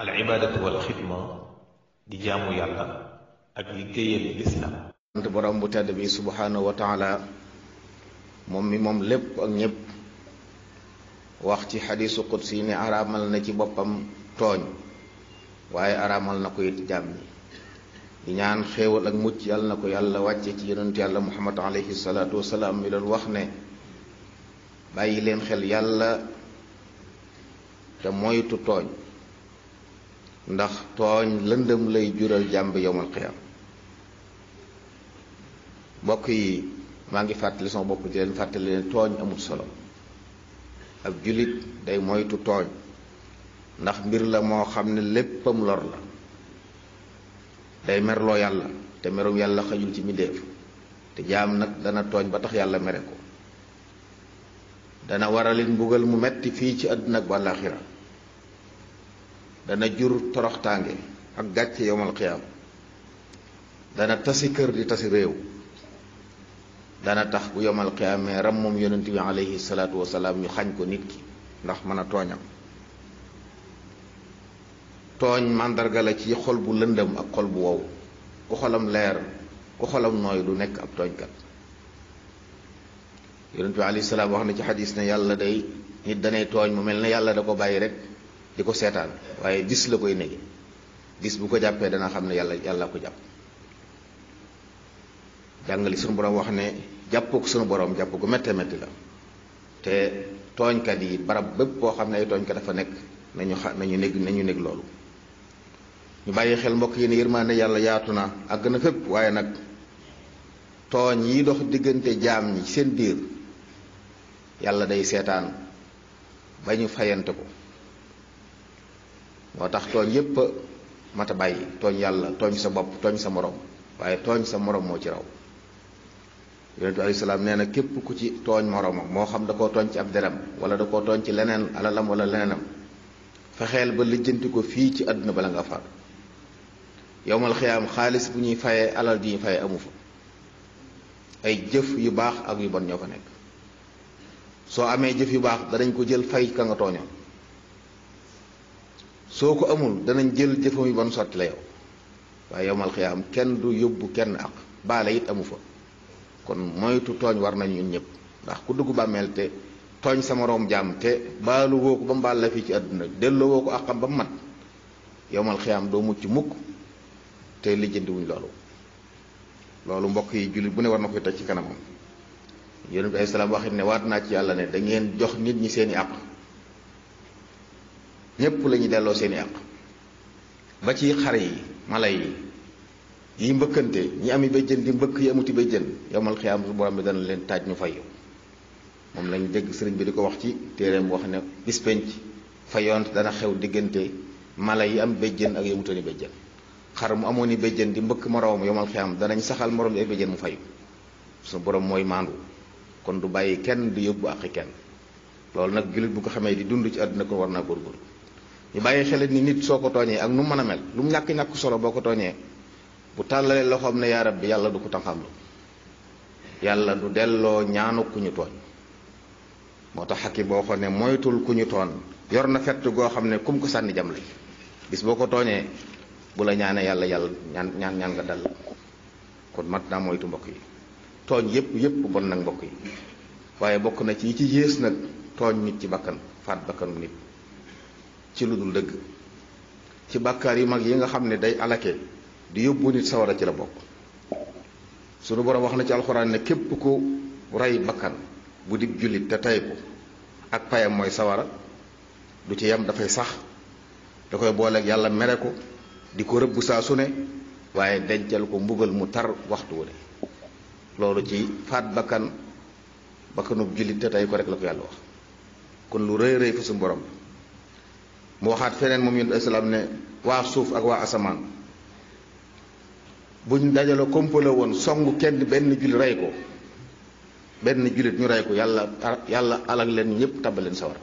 al ibaadatu wal xidma di yàlla ak liggéeyal lislaam bu tedd bi subhaanahu wa taala moom mi moom lépp ñépp wax ci xadiisu qudsi ne araamal na ci boppam tooñ waaye araamal na ko it jaam ñi di ñaan xewal ak mucc yàlla na ko yàlla wàcce ci yonent yàlla muhammad alayhi salaatu wasalaam mi doon wax ne bàyyi leen xel yàlla te moytu tooñ ndax tooñ lëndëm lay jural jàmb yowmal xiyaam mbokk yi maa ngi fàttali sama bopp di fàttali leen tooñ amul solo ab jullit day moytu tooñ ndax mbir la moo xam ne léppam lor la day merloo yàlla te merum yàlla xajul ci mbindéef te jaam nag dana tooñ ba tax yàlla mere ko dana waralit mbugal mu metti fii ci àdduna ak ba àllaaxira dana jur toroxtaange ak gàcce yowmal xiyaam dana tasi kër di tasi réew dana tax bu yomal xiyaamee ram moom yonent bi aleyhi salaatu wasalaam ñu xañ ko nit ki ndax mën a tooñam tooñ màndarga la ci xol bu lëndëm ak xol bu wow ku xolam leer ku xolam nooy du nekk ab tooñkat yonent bi aleyhi salaam wax na ci xadis ne yàlla day nit danay tooñ mu mel ne yàlla da ko bàyyi rek di ko seetaan waaye gis la koy nege gis bu ko jàppee dana xam ne yàlla yàlla ko jàpp jàngali sunu borom wax ne jàpp ko sunu boroom jàpp gu métte métti la te tooñkat yi barab bépp boo xam ne ay tooñkat dafa nekk nañu xa nañu nég loolu ñu bàyyi xel mbokk yi ne yërmaande yàlla yaatu na àgg na fépp waaye nag tooñ yi dox diggante jaam ñi seen biir yàlla day seetaan ba ñu fayante ko moo tax tooñ yépp mat a tooñ yàlla tooñ sa bopp tooñ sa moroom waaye tooñ sa moroom moo ci raw yonent bi salaam nee na képp ku ci tooñ moromam moo xam da koo tooñ ci ab deram wala da koo tooñ ci leneen alalam wala leneenam fexeel ba lijjanti ko fii ci àdduna bala nga faatu yowmal xiyaam xaalis bu ñuy fayee alal di ñuy fayee amu fa ay jëf yu baax ak yu bon ñoo fa nekk soo amee jëf yu baax danañ ko jël fay ka nga soo ko amul danañ jël jëfam yi ba nu sotti la yow waaye yowmal xiyaam kenn du yóbbu kenn ak baale it amu fa kon moytu tooñ war nañu ñun ñëpp ndax ku dugg bàmmeel te tooñ sa moroom jàmm te baalu woo ko ba mu la fii ci àdduna delloo woo ko àqam ba mu mat yowmal xiyaam doo mucc mukk te lijjanti wuñ loolu loolu mbokk yi jullit bu ne war na koy toj ci kanamam yonent bi ay salaam waxit ne waat naa ci yàlla ne da ngeen jox nit ñi seeni àq ñépp la ñuy delloo seeni àq ba ci xar yi mala yi yi mbëkkante ñi ami béjjën di mbëkk yi amuti béjjën yomal xiyaam su borom bi dana leen taaj ñu fay moom lañu dégg sëriñ bi di ko wax ci téereem wax ne bis penc fayoon dana xew diggante mala yi am béjjën ak yamutooni béjjën xar mu amoon i béjjën di mbëkk moroom yomal am danañ saxal moroom yi ay béjjën mu fayu su borom mooy maandu kon du bàyyi kenn du yóbbu àqi kenn loolu nag jullit bu ko xamee di dund ci àdduna ko war naa góorgóorlu ñu bàyyi xele ni nit soo ko tooñee ak nu mu a mel lu mu ñàkk ñàkk solo boo ko tooñee bu tàllalee loxoom ne yaa bi yàlla du ko tànqamlu yàlla du delloo ñaanu ku ñu tooñ moo tax xakim boo xoo ne moytul ku ñu tooñ yor na fett goo xam ne kum ko sànni jam la bis boo ko tooñee bu la ñaanee yàlla yàlla ñaan ñaan ñaan nga dal kon mat naa moytu mbokk yi tooñ yépp yépp bon nag mbokk yi waaye bokk na ci yi ci yées nag tooñ nit ci bàkkan faat bakkanu nit ci lu dul dëgg ci bàkkaar yu mag yi nga xam ne day alake di yóbbu nit sawara ci la bokk sunu borom wax na ci alxuraan ne képp ku rey bakkan bu dib jullit te tay ko ak payam mooy sawara du ci yem dafay sax da koy booleeg yàlla mere ko di ko rëbb saa su ne waaye dencal ko mbugal mu tar waxtu wu ne loolu ci faat bakkan bakkanub jullit te tay ko rek la ko yàlla wax kon lu rëy rëy fa suñu borom mu waxaat feneen moom yonent islam ne waa suuf ak waa asamaan buñ dajale kompale woon song kenn benn jullit rey ko benn jullit ñu rey ko yàlla yàlla leen ñëpp tabal leen sawar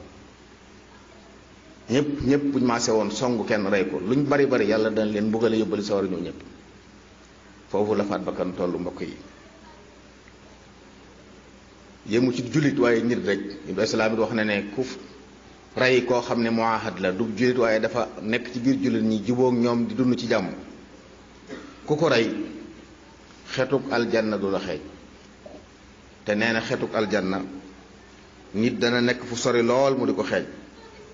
ñëpp ñëpp buñ maase woon song kenn rey ko luñ bari bari yàlla dana leen mbugale yóbbali sawar ñoo ñëpp foofu la bakkan tollu mbokk yi yéemu ci jullit waaye nit rek yonent islam it wax na ne ku rey koo xam ne muahad la du jullit waaye dafa nekk ci biir jullit ñi jubóog ñoom di dund ci jàmm ku ko rey xetuk aljanna du la xeeñ te nee na xetuk aljana nit dana nekk fu sori lool mu di ko xeeñ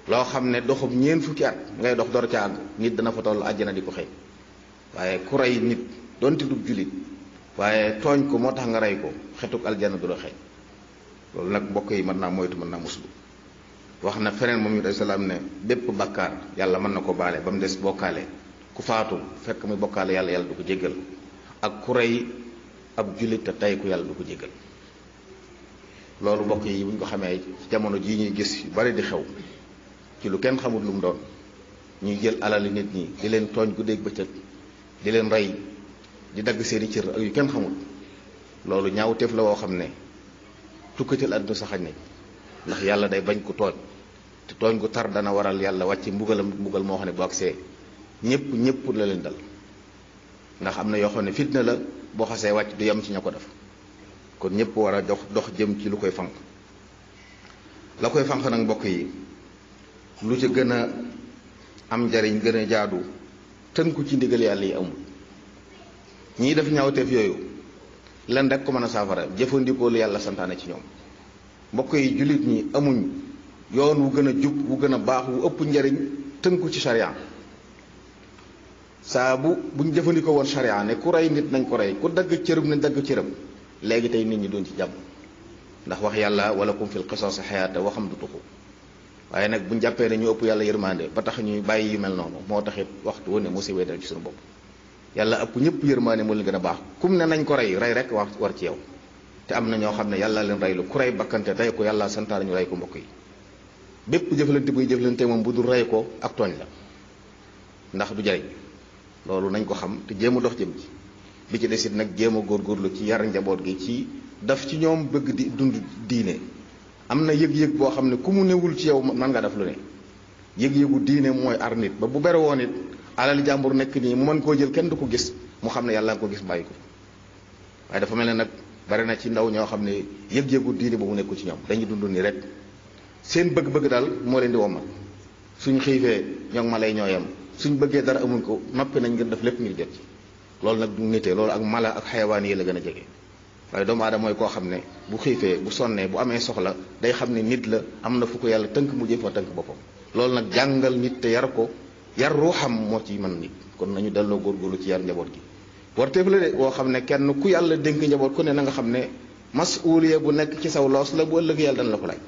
loo xam ne doxum ñeent fukki at ngay dox dor ca àgg nit dana fa toll àjjana di ko xeeñ waaye ku rey nit donte du jullit waaye tooñ ko moo tax nga rey ko xetuk aljanna du la xeeñ loolu nag mbokk yi mën naa moytu mën naa muslu wax na feneen moom it ay salaam ne bépp bàkkaar yàlla mën na ko baale ba mu des bokkaale ku faatu fekk muy bokkaale yàlla yàlla du ko jéggal ak ku rey ab jullit te tay ku yàlla du ko jéggal loolu mbokk yi bu ñu ko xamee jamono jii ñuy gis yu bari di xew ci lu kenn xamut lu mu doon ñuy jël alali nit ñi di leen tooñ guddeeg bëccëg di leen rey di dagg seeni cër ak yu kenn xamul loolu ñaawteef la woo xam ne tukkatal àdduna saxañ nañ ndax yàlla day bañ ku tooñ te tooñ gu tar dana waral yàlla wàcc mbugalam mbugal moo xam ne bu agsee ñëpp ñëpp la leen dal ndax am na yoo xam ne fitna la boo xasee wàcc du yem ci ña ko def kon ñëpp war a dox dox jëm ci lu koy fanq la koy fanq nag mbokk yi lu ci gën a am njariñ gën a jaadu tënku ci ndigal yàlla yi amul ñii def ñaawteef yooyu lan rek ko mën a saafara jëfandikoo lu yàlla santaane ci ñoom mbokk yi jullit ñi amuñ yoon wu gën a jub wu gën a baax wu ëpp njariñ tënku ci sharia saa bu buñ jëfandikoo woon sharia ne ku rey nit nañ ko rey ku dagg cërëm nañ dagg cërëm léegi tey nit ñi doon ci jàmm ndax wax yàlla wala kum fil qisaasi xayaata waxam du tuxu waaye nag buñ jàppee ne ñu ëpp yàlla yërmande ba tax ñuy bàyyi yu mel noonu moo taxit waxtu wu ne musiba dal ci suñu bopp yàlla ëpp ñëpp yërmande moo leen gën a baax kum ne nañ ko rey rey rek war war ci yow te am na ñoo xam ne yàlla leen rey lu ku rey bakkante rey ko yàlla santaar ñu rey ko mbokk yi bépp jëflante buy jëflante moom bu dul rey ko ak ton la ndax du jariñ loolu nañ ko xam te jéem a dox jëm ci bi ci desit nag jéem a góorgóorlu ci yar njaboot gi ci daf ci ñoom bëgg di dund diine am na yëg-yëg boo xam ne ku mu newul ci yow man nga def lu ne yëg-yëgu diine mooy ar nit ba bu bare woon it alal jàmbur nekk nii mu mën koo jël kenn du ko gis mu xam ne yàlla nga ko gis bàyyi ko waaye dafa mel ne nag bari na ci ndaw ñoo xam ne yëg-yëgu diine ba mu ci ñoom dañuy dund nii rek seen bëgg-bëgg daal moo leen di womal suñ xiifee ñoo mala yi ñoo yam suñ bëggee dara amuñ ko noppi nañ ngir def lépp ngir jot ci loolu nag du nitee loolu ak mala ak xayawaan yi la gën a jege waaye doomu aadama mooy koo xam ne bu xiifee bu sonnee bu amee soxla day xam ne nit la am na fu ko yàlla tënk mu jëfoo tënk boppam loolu nag jàngal nit te yar ko yar ruuxam moo ci mën nit kon nañu delloo góorgóorlu ci yar njaboot gi warteef la de boo xam ne kenn ku yàlla dénk njaboot ku ne na nga xam ne masuuliya bu nekk ci saw loos la bu ëllëg yàlla dan la ko laaj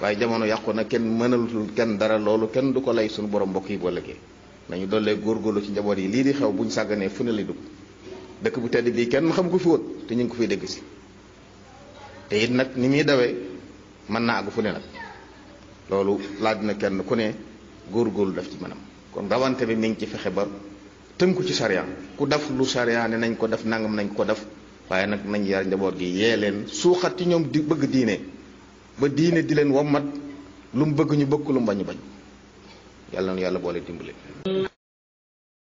waaye jamono yàqu na kenn mënalutul kenn dara loolu kenn du ko lay suñu borom mbokk yi boolekee nañu dollee góorgóorlu ci njaboot yi lii di xew bu ñu sàgganee fu ne li dugg dëkk bu tedd bii kenn xamu ko fi te ñu ngi ko fiy dégg si te it nag ni muy dawee mën naa àgg fu ne nag loolu laaj na kenn ku ne góor góorgóorlu daf ci mënam kon rawante bi mi ngi ci fexe ba tënku ci sariya ku def lu sariya ne nañ ko def nangam nañ ko def waaye nag nañ yar njaboot gi yee leen suuxat ci ñoom di bëgg diine. ba diine di leen wommat lu mu bëgg ñu bëgg lu mu bañ bañ yàlla na yàlla boole dimbali.